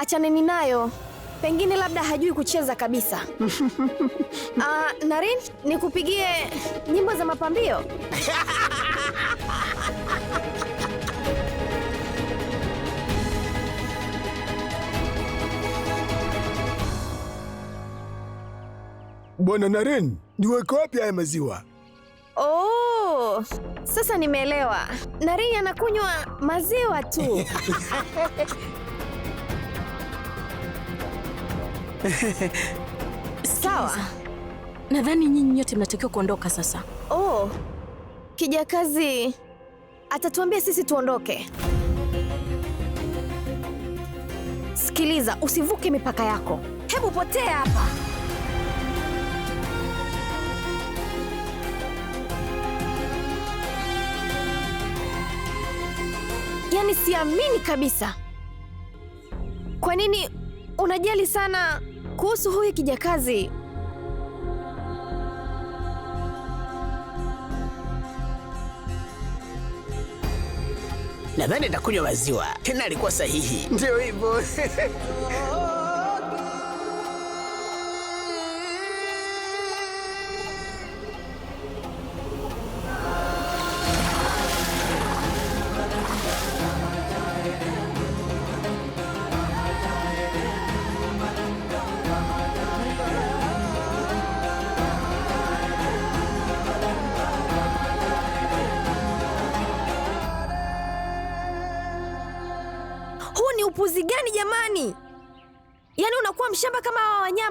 achaneni nayo, pengine labda hajui kucheza kabisa. Uh, Naren, nikupigie nyimbo za mapambio? Bwana Naren, niweke wapi haya maziwa? Oh, sasa nimeelewa. Naren anakunywa maziwa tu. Sawa. Nadhani nyinyi nyote mnatakiwa kuondoka sasa. Oh. Kijakazi atatuambia sisi tuondoke. Sikiliza, usivuke mipaka yako. Hebu potea hapa. Yaani siamini kabisa. Kwa nini unajali sana kuhusu huyu kijakazi. Nadhani atakunywa maziwa tena, alikuwa sahihi. Ndio hivyo.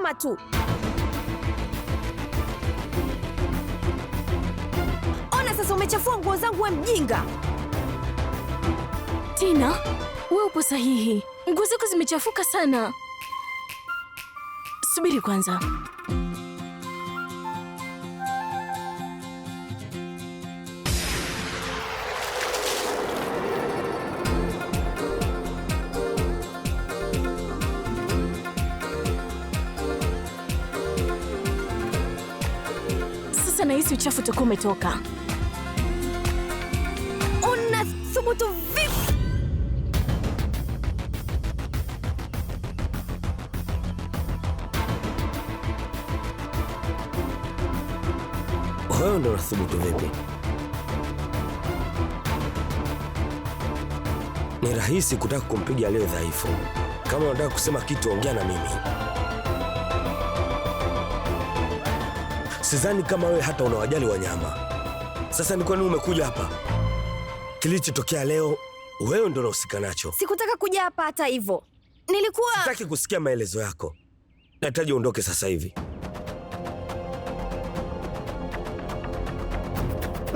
nyuma tu. Ona sasa, umechafua nguo zangu, we mjinga! Tina, we upo sahihi, nguo zako zimechafuka sana. Subiri kwanza. uchafu utakuwa umetoka. Unathubutu vipi? Wewe ndo unathubutu vipi? Ni rahisi kutaka kumpiga aliye dhaifu. Kama unataka kusema kitu, ongea na mimi. Sidhani kama wewe hata unawajali wanyama. Sasa ni kwa nini umekuja hapa? Kilichotokea leo wewe ndio unahusika nacho. Sikutaka kuja hapa hata hivyo. Nilikuwa sitaki kusikia maelezo yako. Nahitaji uondoke sasa hivi.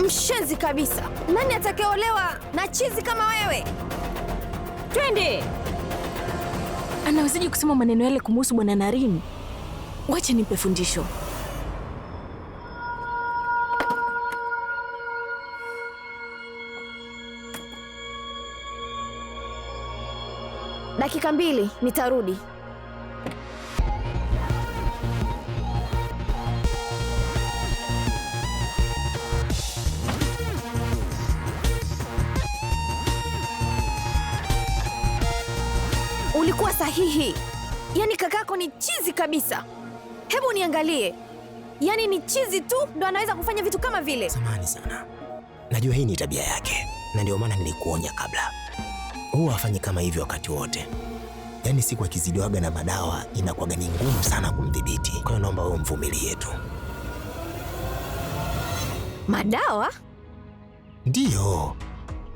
Mshenzi kabisa! Nani atakayeolewa na chizi kama wewe? Twende! Anawezaje kusema maneno yale kumuhusu bwana Narini? Wacha nimpe fundisho. dakika mbili nitarudi. Ulikuwa sahihi. Yaani kakako ni chizi kabisa. Hebu niangalie. Yaani ni chizi tu ndo anaweza kufanya vitu kama vile. Samahani sana. Najua hii ni tabia yake na ndio maana nilikuonya kabla. Huwa afanye kama hivyo wakati wote yani siku akizidiwaga na madawa inakuwaga ni ngumu sana kumdhibiti. Kwa hiyo naomba wewe mvumilie tu. Madawa? Ndiyo,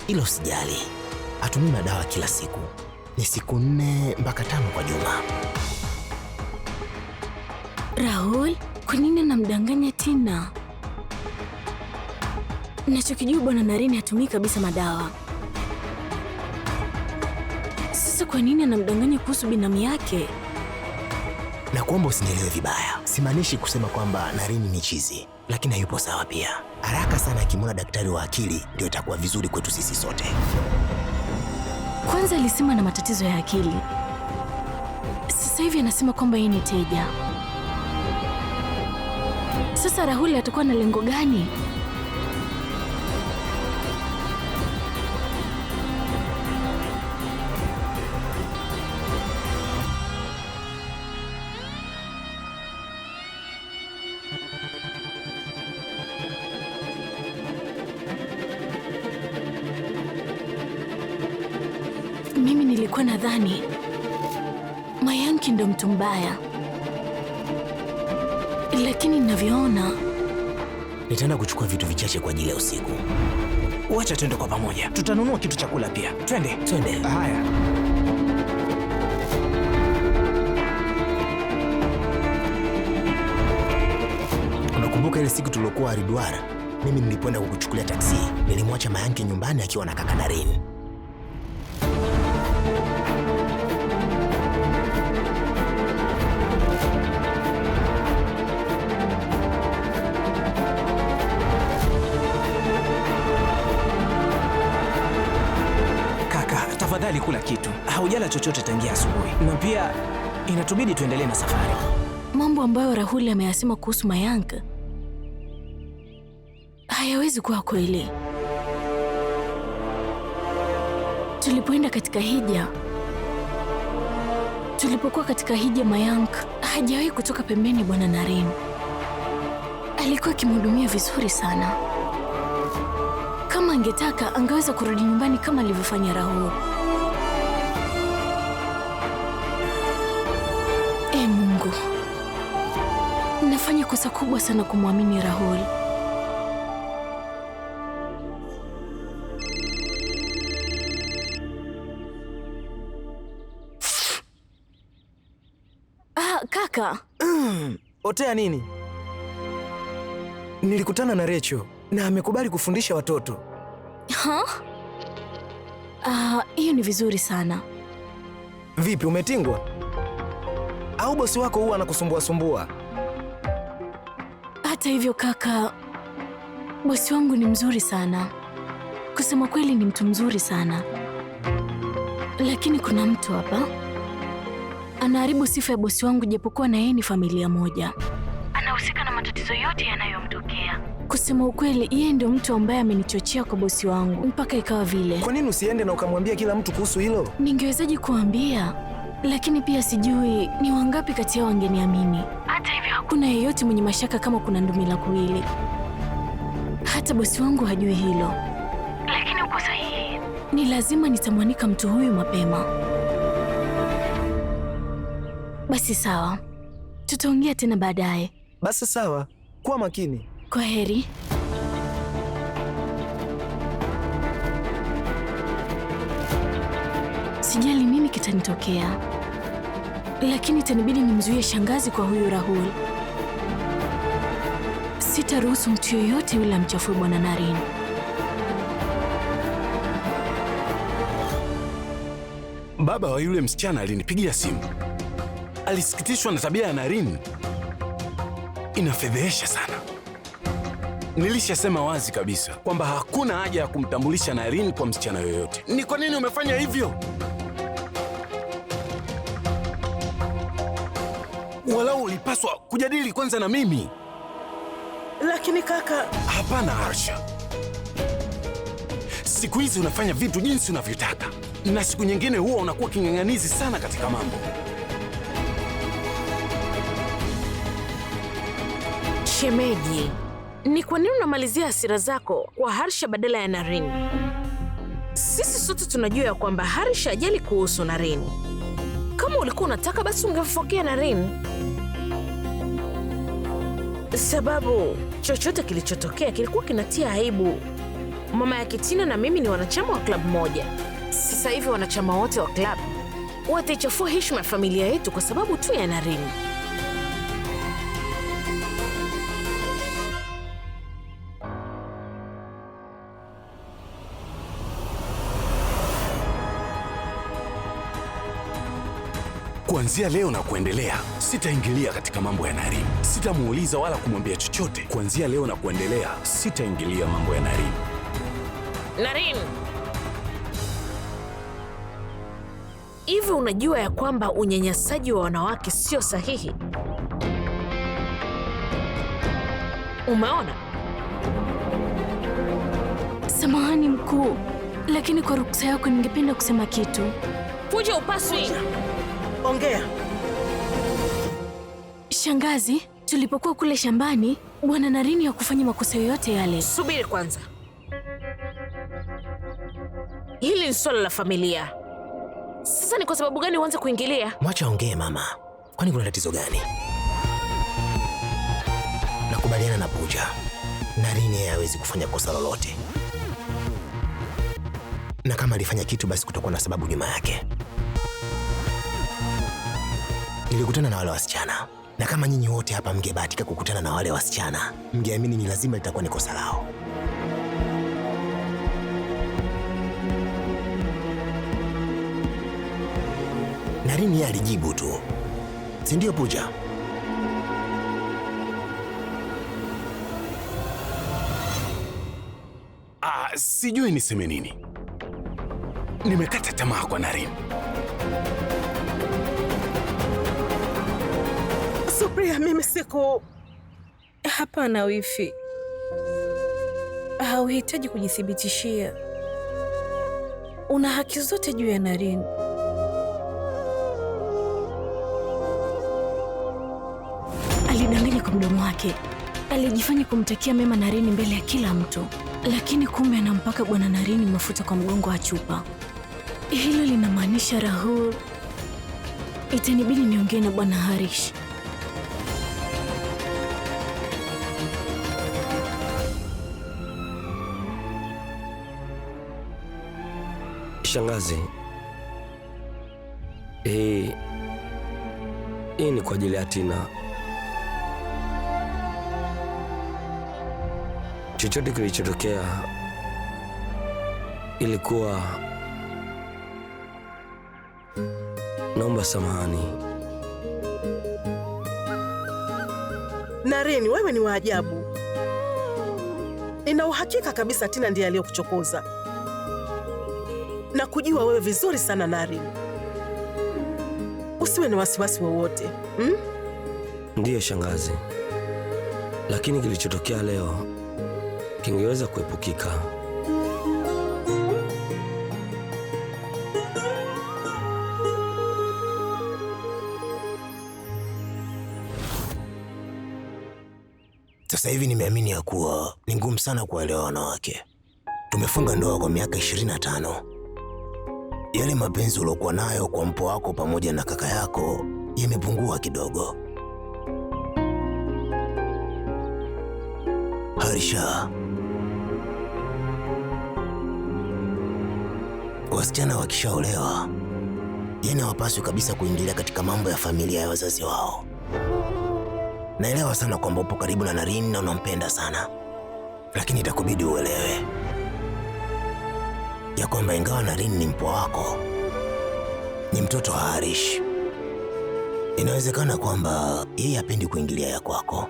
hilo sijali. Atumii madawa kila siku, ni siku nne mpaka tano kwa juma. Rahul, kwa nini namdanganya tena? Nachokijua bwana narini hatumii kabisa madawa kwa nini anamdanganya kuhusu binamu yake? Na kuomba usinielewe vibaya, simaanishi kusema kwamba narini ni chizi, lakini hayupo sawa pia. Haraka sana akimwona daktari wa akili ndio itakuwa vizuri kwetu sisi sote. Kwanza alisema na matatizo ya akili, sasa hivi anasema kwamba yeye ni teja. Sasa Rahul atakuwa na lengo gani? Nadhani Mayanki ndo mtu mbaya, lakini ninavyoona, nitaenda kuchukua vitu vichache kwa ajili ya usiku. Wacha twende kwa pamoja, tutanunua kitu cha kula pia. Twende, twende. Haya. Unakumbuka ile siku tuliokuwa Haridwar, mimi nilipoenda kukuchukulia taksi, nilimwacha Mayanki nyumbani akiwa na kaka Naren. tayari kula kitu, haujala chochote tangia asubuhi, na pia inatubidi tuendelee na safari. Mambo ambayo Rahul ameyasema kuhusu Mayank hayawezi kuwa kweli. Tulipoenda katika hija, tulipokuwa katika hija, Mayank hajawahi kutoka pembeni. Bwana Naren alikuwa akimhudumia vizuri sana. Kama angetaka angeweza kurudi nyumbani kama alivyofanya Rahul. kosa kubwa sana kumwamini Rahul. Ah, kaka. Mm, otea nini? Nilikutana na Recho na amekubali kufundisha watoto. Ha? Ah, hiyo ni vizuri sana. Vipi umetingwa? Au bosi wako huwa anakusumbua sumbua? Hata hivyo kaka, bosi wangu ni mzuri sana, kusema kweli ni mtu mzuri sana, lakini kuna mtu hapa anaharibu sifa ya bosi wangu, japokuwa na yeye ni familia moja. Anahusika na matatizo yote yanayomtokea. Kusema ukweli, yeye ndio mtu ambaye amenichochea kwa bosi wangu mpaka ikawa vile. Kwa nini usiende na ukamwambia kila mtu kuhusu hilo? Ningewezaje kuambia? Lakini pia sijui ni wangapi kati yao wangeniamini. Hata hivyo hakuna yeyote mwenye mashaka kama kuna ndumila kuwili. Hata bosi wangu hajui hilo, lakini uko sahihi. Ni lazima nitamwanika mtu huyu mapema. Basi sawa, tutaongea tena baadaye. Basi sawa, kuwa makini. Kwa heri. Sijali nini kitanitokea lakini itanibidi nimzuie shangazi kwa huyu Rahul. Sitaruhusu mtu yoyote yule amchafue bwana Naren. Baba wa yule msichana alinipigia simu, alisikitishwa na tabia ya Naren. Inafedhehesha sana. Nilishasema wazi kabisa kwamba hakuna haja ya kumtambulisha Naren kwa msichana yoyote. Ni kwa nini umefanya hivyo? unapaswa kujadili kwanza na mimi. Lakini kaka... Hapana Arsha, siku hizi unafanya vitu jinsi unavyotaka, na siku nyingine huwa unakuwa king'ang'anizi sana katika mambo. Shemeji, ni kwa nini unamalizia hasira zako kwa Harsha badala ya Naren? Sisi sote tunajua ya kwamba Harsha ajali kuhusu Naren. Kama ulikuwa unataka basi ungemfokea Naren sababu chochote kilichotokea kilikuwa kinatia aibu. Mama ya Kitina na mimi ni wanachama wa klabu moja. Sasa hivi wanachama wote wa klabu wataichafua heshima ya familia yetu kwa sababu tu ya Naren. Kuanzia leo na kuendelea, sitaingilia katika mambo ya nari Sitamuuliza wala kumwambia chochote. Kuanzia leo na kuendelea, sitaingilia mambo ya nari Naren, hivi unajua ya kwamba unyanyasaji wa wanawake sio sahihi? Umeona? Samahani mkuu, lakini kwa ruksa yako ningependa kusema kitu. fuja upaswi Fuja. Ongea. Shangazi, tulipokuwa kule shambani, Bwana Narini kufanya makosa yoyote yale. Subiri kwanza. Hili ni swala la familia. Sasa ni kwa sababu gani uanze kuingilia? Mwacha ongee mama. Kwani kuna tatizo gani? Nakubaliana na puja Narini yeye hawezi kufanya kosa lolote. Na kama alifanya kitu basi kutakuwa na sababu nyuma yake. Nilikutana na wale wasichana, na kama nyinyi wote hapa mngebahatika kukutana na wale wasichana, mngeamini ni lazima litakuwa ni kosa lao. Naren yeye alijibu tu, si ndio Pooja? Ah, sijui niseme nini. Nimekata tamaa kwa Naren. Julia, mimi siku... Hapana wifi, hauhitaji kujithibitishia, una haki zote juu ya Naren. Alidanganya kwa mdomo wake, alijifanya kumtakia mema Naren mbele ya kila mtu, lakini kumbe anampaka bwana Naren mafuta kwa mgongo wa chupa. Hilo linamaanisha Rahul, itanibidi niongee na bwana Harish. Shangazi, hii eh, hii ni kwa ajili ya Tina. Chochote kilichotokea ilikuwa, naomba samahani. Naren, wewe ni wa ajabu. Ina uhakika kabisa Tina ndiye aliyokuchokoza na kujua wewe vizuri sana Naren. Usiwe na wasiwasi wowote hmm? Ndiyo shangazi, lakini kilichotokea leo kingeweza kuepukika. Sasa hivi nimeamini ya kuwa ni ngumu sana kuwaelewa wanawake. Tumefunga ndoa kwa miaka 25 yale mapenzi uliokuwa nayo kwa mpo wako pamoja na kaka yako yamepungua kidogo. Harisha, wasichana wakishaolewa, yani hawapaswi kabisa kuingilia katika mambo ya familia ya wazazi wao. Naelewa sana kwamba upo karibu na Naren na unampenda sana, lakini itakubidi uelewe ya kwamba ingawa Naren ni mpwa wako, ni mtoto wa Harish. Inawezekana kwamba yeye hapendi kuingilia ya kwako.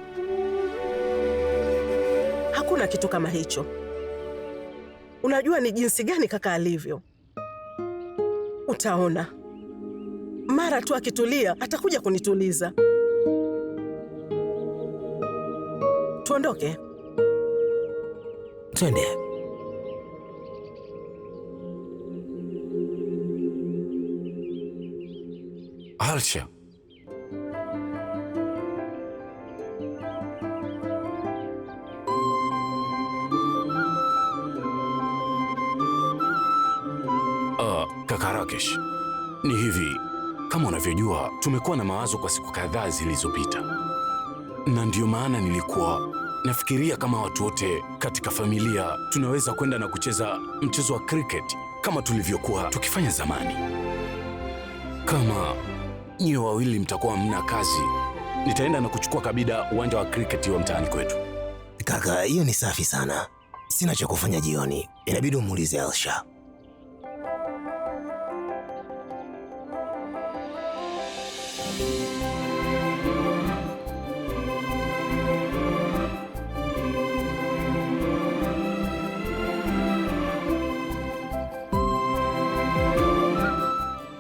Hakuna kitu kama hicho. Unajua ni jinsi gani kaka alivyo. Utaona mara tu akitulia atakuja kunituliza. Tuondoke, twende. Pochwal się. Uh, kaka Rakesh, ni hivi, kama unavyojua, tumekuwa na mawazo kwa siku kadhaa zilizopita, na ndiyo maana nilikuwa nafikiria kama watu wote katika familia tunaweza kwenda na kucheza mchezo wa cricket kama tulivyokuwa tukifanya zamani kama nyiwe wawili mtakuwa mna kazi. Nitaenda na kuchukua Kabida uwanja wa kriketi wa mtaani kwetu. Kaka, hiyo ni safi sana. Sina cha kufanya jioni, inabidi umuulize Elsha.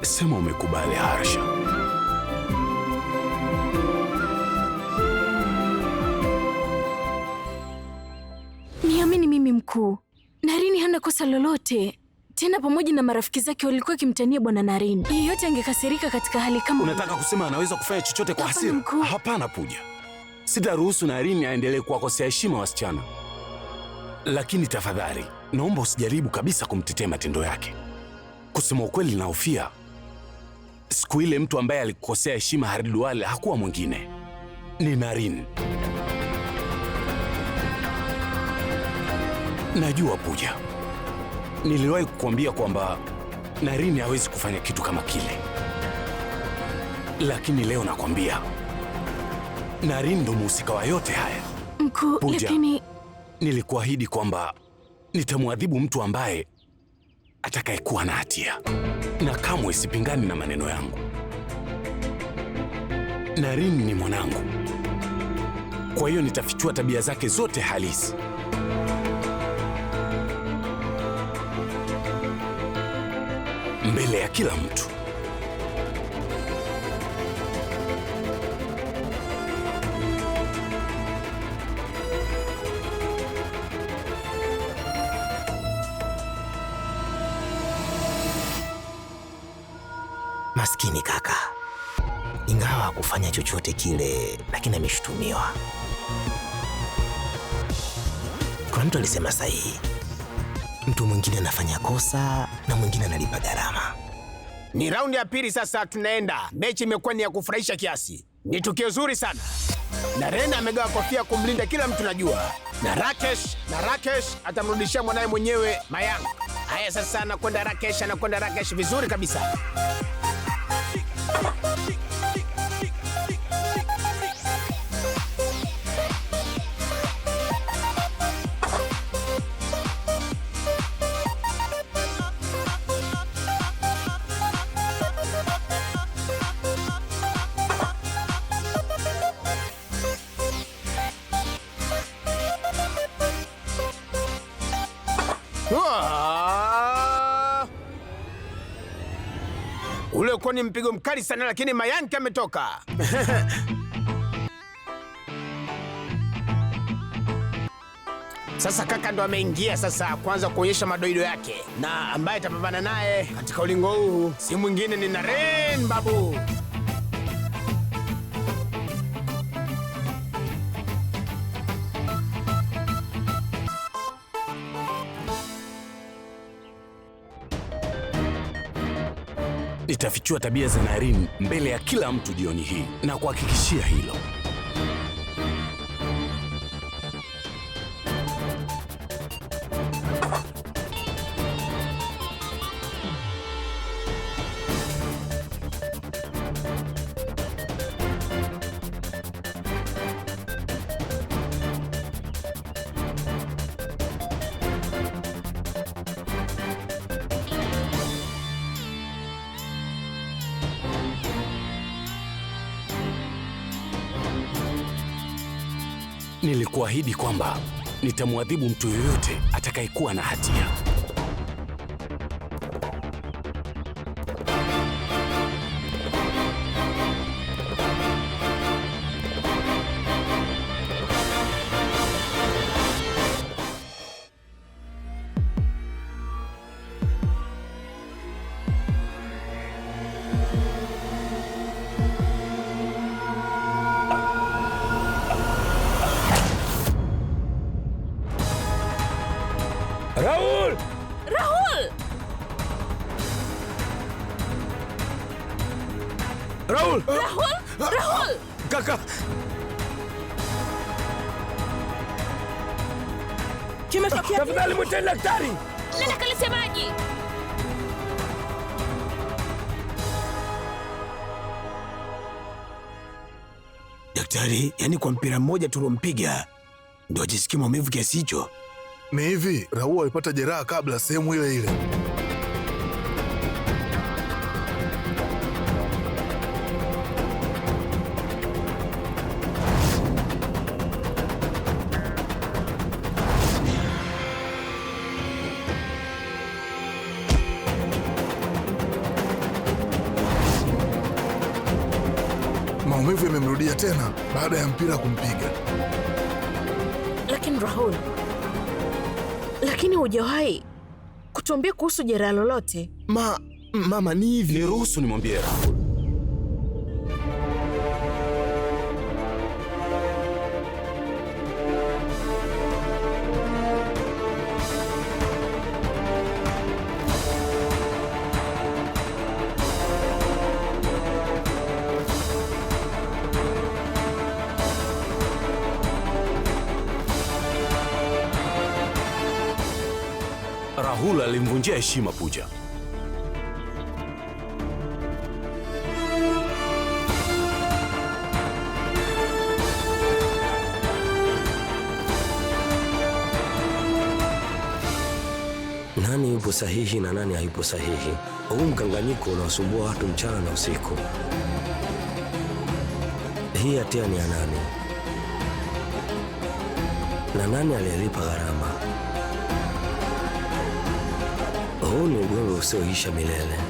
Sema umekubali Harsha. siku Narini hana kosa lolote tena, pamoja na marafiki zake walikuwa kimtania bwana Naren. Yeyote angekasirika katika hali kama. Unataka kusema anaweza kufanya chochote kwa hasira? Hapana Puja, sitaruhusu Naren aendelee kuwakosea heshima wasichana, lakini tafadhali naomba usijaribu kabisa kumtetea matendo yake. Kusema ukweli, nahofia siku ile mtu ambaye alikukosea heshima Haridual hakuwa mwingine, ni Naren. Najua puja niliwahi kukuambia kwamba Naren hawezi kufanya kitu kama kile, lakini leo nakwambia Naren ndo muhusika wa yote haya. Mkuu, lakini... nilikuahidi kwamba nitamwadhibu mtu ambaye atakayekuwa na hatia, na kamwe sipingani na maneno yangu. Naren ni mwanangu, kwa hiyo nitafichua tabia zake zote halisi. mbele ya kila mtu. Maskini kaka, ingawa hakufanya chochote kile, lakini ameshutumiwa. Kuna mtu alisema sahihi, mtu mwingine anafanya kosa na mwingine analipa gharama. Ni raundi ya pili sasa, tunaenda. Mechi imekuwa ni ya kufurahisha kiasi, ni tukio zuri sana, na Rena amegawa kofia kumlinda kila mtu, najua na Rakesh na Rakesh atamrudishia mwanaye mwenyewe Mayank. Haya sasa, anakwenda Rakesh, anakwenda Rakesh vizuri kabisa. mkali sana, lakini Mayank ametoka. Sasa kaka ndo ameingia sasa kuanza kuonyesha madoido yake, na ambaye atapambana naye katika ulingo huu si mwingine ni Naren Babu. nitafichua tabia za Naren mbele ya kila mtu jioni hii, na kuhakikishia hilo. Nilikuahidi kwamba nitamwadhibu mtu yoyote atakayekuwa na hatia. Mwite daktari. Lala kalisemaje? Daktari, yani kwa mpira mmoja tulompiga ndo ajisikia maumivu kiasi hicho? Ni hivi, Raua alipata jeraha kabla sehemu ile ile. baada ya mpira kumpiga. Lakini Rahul, lakini hujawahi kutuambia kuhusu jeraha lolote. Ma, mama ni hivi. Niruhusu nimwambie Rahul. alimvunjia heshima Pooja. Nani yupo sahihi na nani hayupo sahihi? Huu mkanganyiko unawasumbua watu mchana na usiku. Hii hatia ni ya nani na nani aliyelipa gharama? Oh, logró su hija Milena.